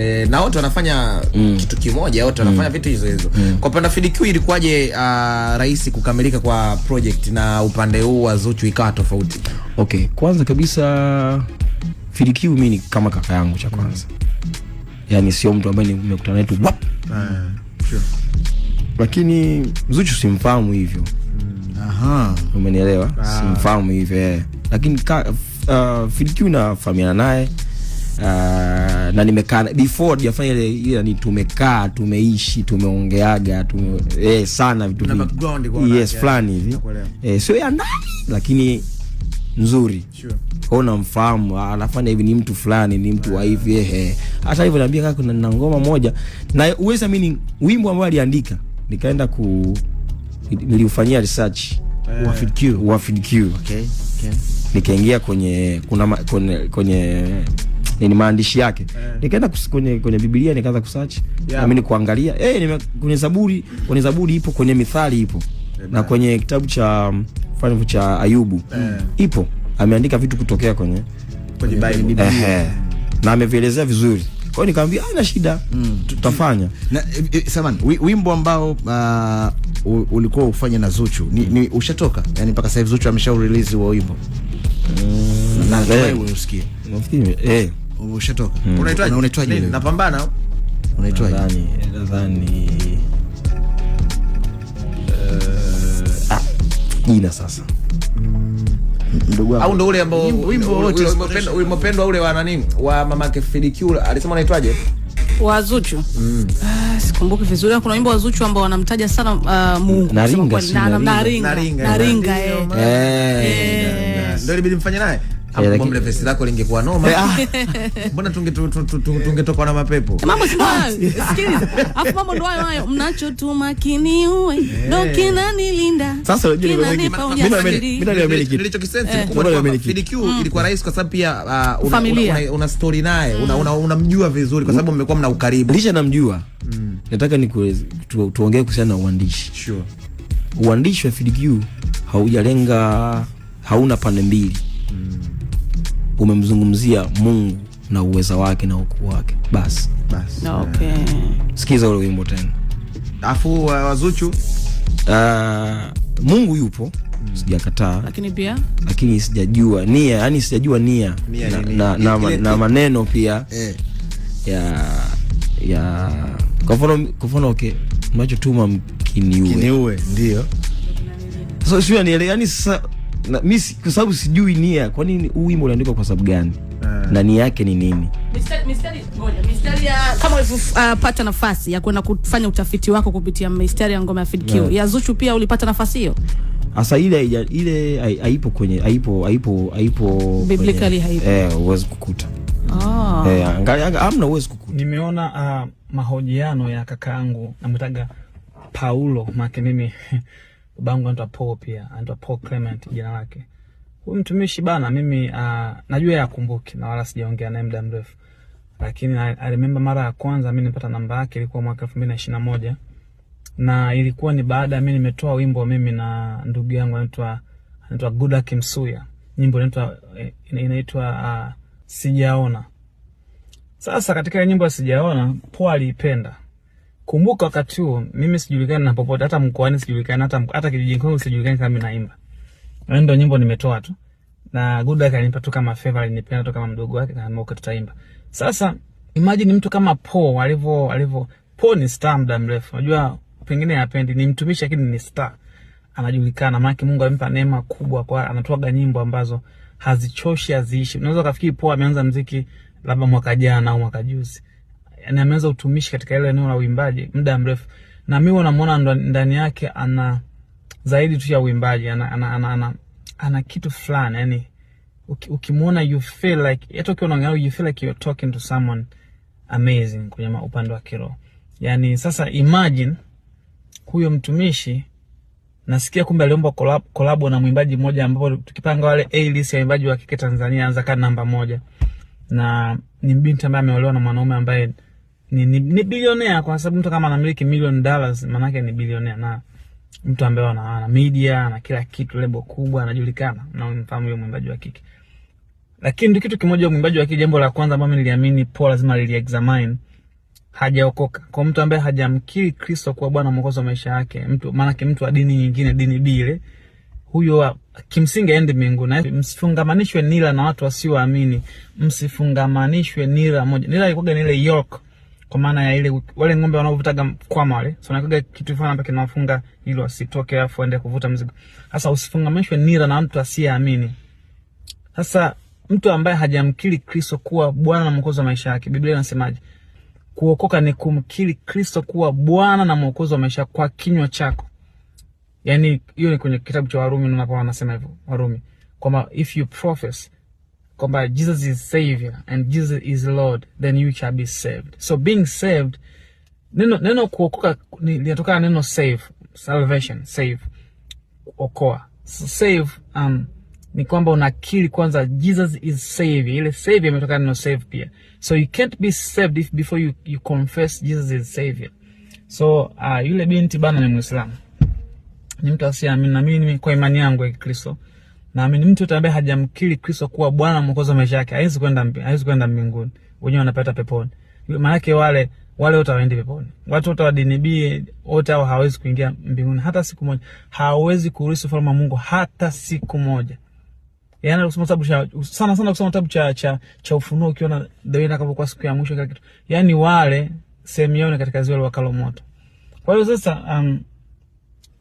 E, na wote wanafanya mm. kitu kimoja, wote wanafanya mm. vitu hizo hizo mm. Kwa upande wa ilikuwaje, uh, rahisi kukamilika kwa project na upande huu wa Zuchu ikawa tofauti? Okay, kwanza kabisa FDQ mimi ni kama kaka yangu cha kwanza mm. yani sio mtu ambaye nimekutana naye tu wap mm. sure. Lakini Zuchu simfahamu hivyo mm. Aha, umenielewa ah. Simfahamu hivyo lakini lakini uh, ah, FIDQ nafahamiana naye uh, na nimekaa before jafanya ile ile ni tumekaa tumeishi tumeongeaga tume, eh, sana vitu vingi yes fulani hivi eh, sio ya ndani lakini nzuri sure. Kwao namfahamu anafanya hivi, ni mtu fulani, ni mtu wa hivi ehe. Eh. Hata hivyo naambia kaka, kuna na ngoma moja na uweza mimi wimbo ambao aliandika nikaenda ku niliufanyia research eh, Wafid Q Wafid Q okay, okay. Nikaingia kwenye kuna kwenye, kwenye ni ni maandishi yake yeah. Nikaenda kwenye kwenye Biblia nikaanza kusearch yeah. Na mimi kuangalia eh hey, kwenye Zaburi kwenye Zaburi ipo kwenye Mithali ipo yeah. Na kwenye kitabu cha mfano um, cha Ayubu yeah. Ipo ameandika vitu kutokea kwenye kwenye Biblia eh, na amevielezea vizuri kwa hiyo nikamwambia ana ah, shida mm. tutafanya na e, e samani wimbo ambao uh, ulikuwa ufanye na Zuchu ni, ni ushatoka yani mpaka sasa hivi Zuchu amesha release wa wimbo mm. na natumai eh. usikie nafikiri eh Ushatoka. Hmm. Unaitwaje? Unaitwaje? Napambana. Unaitwaje? Nadhani nadhani eh jina ah, sasa. Hmm. Ndugu au ndo ule ambao wimbo wote umependwa ule wa nani? Wa mamake Fidikula alisema unaitwaje? Wa Zuchu. Mm. Ah, sikumbuki vizuri. Kuna wimbo wa Zuchu ambao wanamtaja sana uh, Mungu. Naringa. Naringa. Naringa. Naringa. Eh. eh, eh. Ndio ilibidi mfanye naye. Eh, Hapo mlevesi lako lingekuwa noma. Eh, ah. Mbona tungetoka na mapepo? Eh, mambo si ah. sikiliza. Hapo mambo ndo hayo hayo tu makini uwe. Ndio kina nilinda. Sasa unajua mimi mimi niliamini kitu. Nilichokisense kubwa ni PDQ mm. ilikuwa rahisi kwa sababu pia ah, una story naye, mm. unamjua vizuri kwa sababu mmekuwa mna ukaribu. Lisha namjua. Mm. Nataka ni tuongee kuhusiana na uandishi. Sure. Uandishi wa PDQ haujalenga hauna pande mbili. Mm umemzungumzia Mungu na uweza wake na ukuu wake, basi basi. Okay. Sikiza ule wimbo tena, afu uh, wazuchu. Uh, Mungu yupo mm. sijakataa, lakini pia lakini sijajua nia, yani sijajua nia na, na, na, na maneno pia eh, ya ya kwa mfano kwa mfano okay, mnachotuma mkiniue kiniue, ndio so sio ni yani sasa na mimi kwa sababu sijui nia, kwa nini huu wimbo unaandikwa kwa sababu gani? Uh, na nia yake ni nini? Mistari, ngoja, mistari ya kama ulipata uh, nafasi ya kwenda kufanya utafiti wako kupitia mistari ya ngoma ya Fid Q yeah. ya Zuchu pia ulipata nafasi hiyo? Asa ile ile haipo kwenye haipo haipo haipo biblically haipo. Eh, huwezi kukuta. Ah. Oh. Eh, angalia amna huwezi kukuta. Nimeona uh, mahojiano ya kakaangu namtaga Paulo makenini mimi babangu anaitwa Paul pia, anaitwa Paul Clement jina lake. Huyu mtumishi bana, mimi uh, najua yakumbuki na wala sijaongea naye muda mrefu, lakini I remember mara ya kwanza mimi nilipata namba yake ilikuwa mwaka 2021 na ilikuwa ni baada ya mimi nimetoa wimbo mimi na ndugu yangu anaitwa anaitwa Guda Kimsuya, nyimbo inaitwa eh, inaitwa uh, sijaona. Sasa katika nyimbo ya sijaona, Paul aliipenda Kumbuka wakati huo mimi sijulikani na popote, hata mkoani sijulikani, hata hata kijijini kwangu sijulikani kama naimba. Na yaani ndio nyimbo nimetoa tu. Na Good Luck alinipa tu kama favor, alinipenda tu kama mdogo wake na mmoja tutaimba. Sasa imagine mtu kama Po alivyo alivyo Po ni star muda mrefu. Unajua pengine hapendi ni mtumishi lakini ni star. Anajulikana maana Mungu amempa neema kubwa kwa anatoa nyimbo ambazo hazichoshi haziishi. Unaweza kafikiri Po ameanza muziki labda mwaka jana au mwaka juzi na ameanza utumishi katika ile eneo la uimbaji muda mrefu, na mimi namuona ndani yake ana zaidi tu ya uimbaji, ana, ana, ana, ana, ana kitu fulani yani ukimwona you feel like hata ukiwa ngao you feel like you're talking to someone amazing kwenye upande wa kiroho. Yani sasa imagine huyo mtumishi nasikia kumbe aliomba collab, collab na mwimbaji mmoja ambapo tukipanga wale A list ya waimbaji wa kike Tanzania anza kana namba moja, na ni binti ambaye ameolewa na mwanaume ambaye ni, ni, ni bilionea kwa sababu mtu kama anamiliki million dollars maanake ni bilionea na mtu ambaye ana ana media na kila kitu, lebo kubwa, anajulikana na unamfahamu huyo mwimbaji wa kike. Lakini ndio kitu kimoja, mwimbaji wa kike, jambo la kwanza ambalo niliamini Paul lazima liliexamine, hajaokoka. Kwa mtu ambaye hajamkiri Kristo kuwa Bwana mwokozi wa maisha yake, mtu maana yake mtu wa dini nyingine, dini bile, huyo kimsingi aende mbinguni. Msifungamanishwe nira na watu wasioamini, msifungamanishwe nira moja. Nira ilikuwa ni ile yoke kwa maana ya ile wale ng'ombe wanaovutaga kwama wale, so nakaga kitu fulani hapa kinawafunga ili wasitoke, afu aende kuvuta mzigo. Sasa usifungamishwe nira na mtu asiyeamini. Sasa mtu ambaye hajamkiri Kristo kuwa Bwana na Mwokozi wa maisha yake, Biblia inasemaje? Kuokoka ni kumkiri Kristo kuwa Bwana na Mwokozi wa maisha kwa kinywa chako. Yani hiyo ni kwenye kitabu cha Warumi, napo wanasema hivyo Warumi kwamba if you profess kwamba Jesus is savior and Jesus is Lord then you shall be saved. So being saved, neno, neno kuokoka linatokana neno save, salvation, save, okoa. So save um, ni kwamba unakiri kwanza Jesus is savior. Ile savior imetokana neno save pia. So you can't be saved if before you, you confess Jesus is savior. So uh, yule binti bana ni Muislamu, ni mtu asiamini na mimi kwa imani yangu ya Kikristo Naamini mtu yote ambaye hajamkiri Kristo kuwa Bwana Mwokozi wa maisha yake hawezi kwenda hawezi kwenda mbinguni, wenyewe wanapata peponi. Maana yake wale wale wote hawaendi peponi, watu wote wa dini B wote hao hawezi kuingia mbinguni hata siku moja, hawezi kuurithi ufalme wa Mungu hata siku moja. Yaani kitabu cha sana sana kitabu cha cha, cha Ufunuo ukiona siku ya mwisho kila kitu, yaani wale katika ziwa moto. Kwa hiyo sasa um,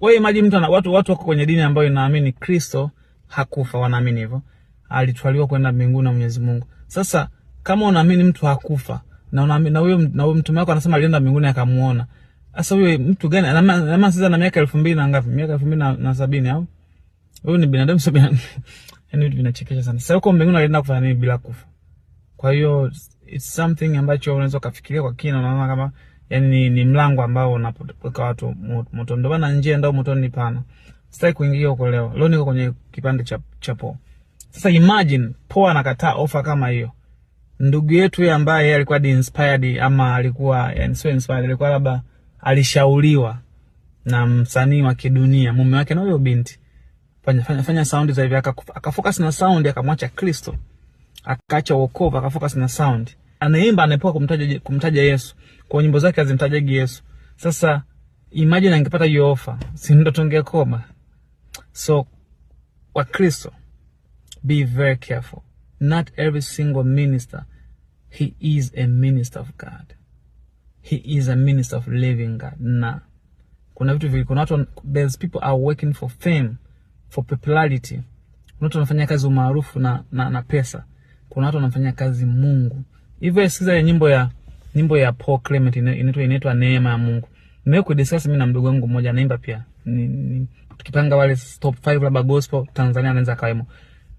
wewe imagine mtu ana watu watu wako kwenye dini ambayo inaamini Kristo hakufa, wanaamini hivyo, alitwaliwa kwenda mbinguni na Mwenyezi Mungu. Sasa kama unaamini mtu hakufa na unaamini na huyo na huyo mtume wako anasema alienda mbinguni akamuona, sasa huyo mtu gani? Na Anama sasa na miaka 2000 na ngapi? Miaka 2000 mbili na sabini au huyo ni binadamu sio binadamu? Yani vitu vinachekesha sana. Sasa huko mbinguni alienda kufanya nini bila kufa? Kwa hiyo it's something ambacho unaweza kufikiria kwa kina, unaona kama yani ni, ni mlango ambao unapeleka watu moto, ndio maana njia ndio moto ni pana sitaki kuingia huko Leo leo niko kwenye kipande cha cha Po. Sasa imagine Po anakataa ofa kama hiyo. Ndugu yetu yeye ambaye alikuwa inspired ama alikuwa yani so inspired, alikuwa labda alishauriwa na msanii wa kidunia, mume wake na huyo binti. Fanya fanya, fanya sound za hivi akafocus na sound akamwacha Kristo. Akaacha wokovu akafocus na sound. Anaimba anaepuka kumtaja kumtaja Yesu. Kwa nyimbo zake azimtajaji Yesu. Sasa imagine angepata hiyo ofa, si ndo tungekoma. So, wa kristo be very careful. Not every single minister, he is a minister of God. He is a minister of living God. Na kuna vitu vili, kuna watu, there's people are working for fame, for popularity. Kuna watu wanafanya kazi umaarufu na, na, na pesa. Kuna watu wanafanya kazi Mungu. Hivyo sikiza ya nyimbo ya nyimbo ya Paul Clement inaitwa inaitwa neema ya Mungu. Nimewahi kudiscuss mimi na mdogo wangu mmoja anaimba pia ni, ni, tukipanga wale top 5 labda gospel Tanzania anaweza kaemo.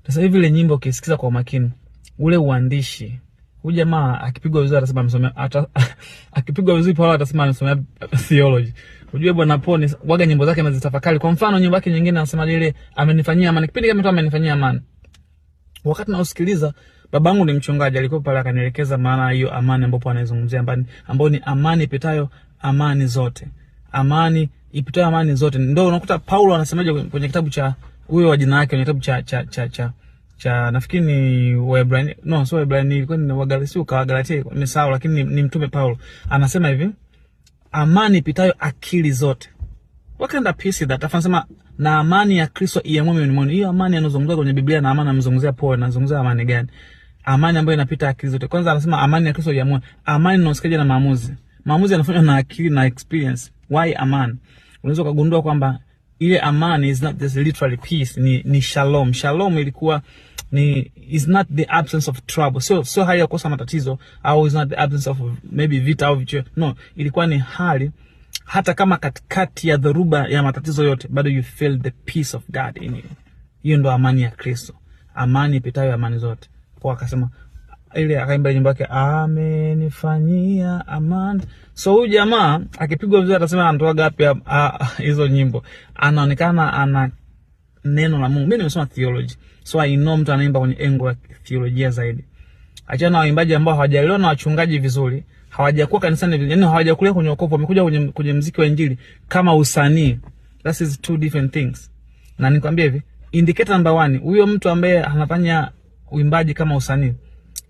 Sasa hivi ile nyimbo ukisikiza kwa makini, ule uandishi huyu jamaa akipigwa vizuri atasema amesomea ata, akipigwa vizuri pale atasema amesomea theology. Unajua bwana Poni waga nyimbo zake anazitafakari. Kwa mfano nyimbo yake nyingine anasema ile amenifanyia amani, kipindi kama mtu amenifanyia amani. Wakati nausikiliza babangu ni mchungaji, alikuwa pale akanielekeza maana hiyo amani ambapo anaizungumzia, ambayo ni amani ipitayo amani zote, amani ipitayo amani zote. Ndio unakuta Paulo anasemaje kwenye kitabu cha huyo wa jina yake kwenye kitabu cha cha cha cha, cha nafikiri ni Waebrania, no sio Waebrania, ilikuwa ni Wagalatia, kwa Wagalatia sawa, lakini ni ni mtume Paulo anasema hivi, amani ipitayo akili zote. What kind of peace that afa anasema na amani ya Kristo iamue mioyoni mwenu. Hiyo amani anazungumzia kwenye Biblia, na amani anazungumzia Paul, anazungumzia amani gani? Amani ambayo inapita akili zote. Kwanza anasema amani ya Kristo iamue. Amani inaosikaje na maamuzi? Maamuzi yanafanywa na akili na experience. Why aman? Unaweza kugundua kwamba ile amani is not just literally peace, ni, ni shalom. Shalom ilikuwa ni is not the absence of trouble, sio sio hali ya kukosa matatizo au is not the absence of maybe vita au vichwe. No, ilikuwa ni hali hata kama katikati ya dhoruba ya matatizo yote, bado you feel the peace of God in you. Hiyo ndo amani ya Kristo, amani ipitayo amani zote. Kwa akasema ile akaimba nyimbo yake amenifanyia amani. So huyu jamaa akipigwa vizuri atasema anatoa gapi hizo nyimbo, anaonekana ana neno la Mungu. Mimi nimesoma theology, so I know mtu anaimba kwenye engo ya theolojia zaidi. Achana na waimbaji ambao hawajaelewa na wachungaji vizuri, hawajakuwa kanisani, yani hawajakulia kwenye wokovu, wamekuja kwenye, kwenye mziki wa injili kama usanii. That is two different things. Na nikwambia hivi, indicator number one, huyo mtu ambaye anafanya uimbaji kama usanii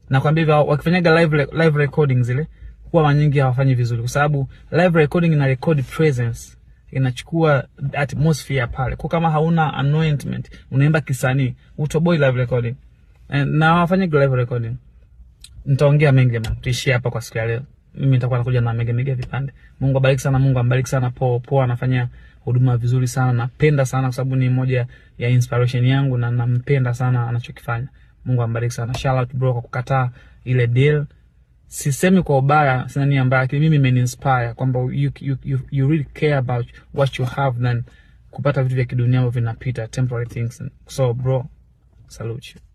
nakwambia hivyo, wakifanyaga live, live recording zile huwa mara nyingi hawafanyi vizuri, kwa sababu live recording ina record presence, inachukua atmosphere pale. Kwa kama hauna anointment, unaimba kisanii, utoboi live recording eh, na wafanye live recording. Nitaongea mengi na tuishie hapa kwa siku ya leo. Mimi nitakuwa nakuja na mega mega vipande. Mungu abariki sana, Mungu ambariki sana. po po, anafanya huduma vizuri sana, napenda sana kwa sababu ni moja ya inspiration yangu na nampenda sana anachokifanya. Mungu ambariki sana. Shout out bro kwa kukataa ile deal. Sisemi kwa ubaya, sina nia mbaya, lakini mimi inspire kwamba you, you, you, you really care about what you have than kupata vitu vya kidunia ambavyo vinapita, temporary things. So bro, salute you.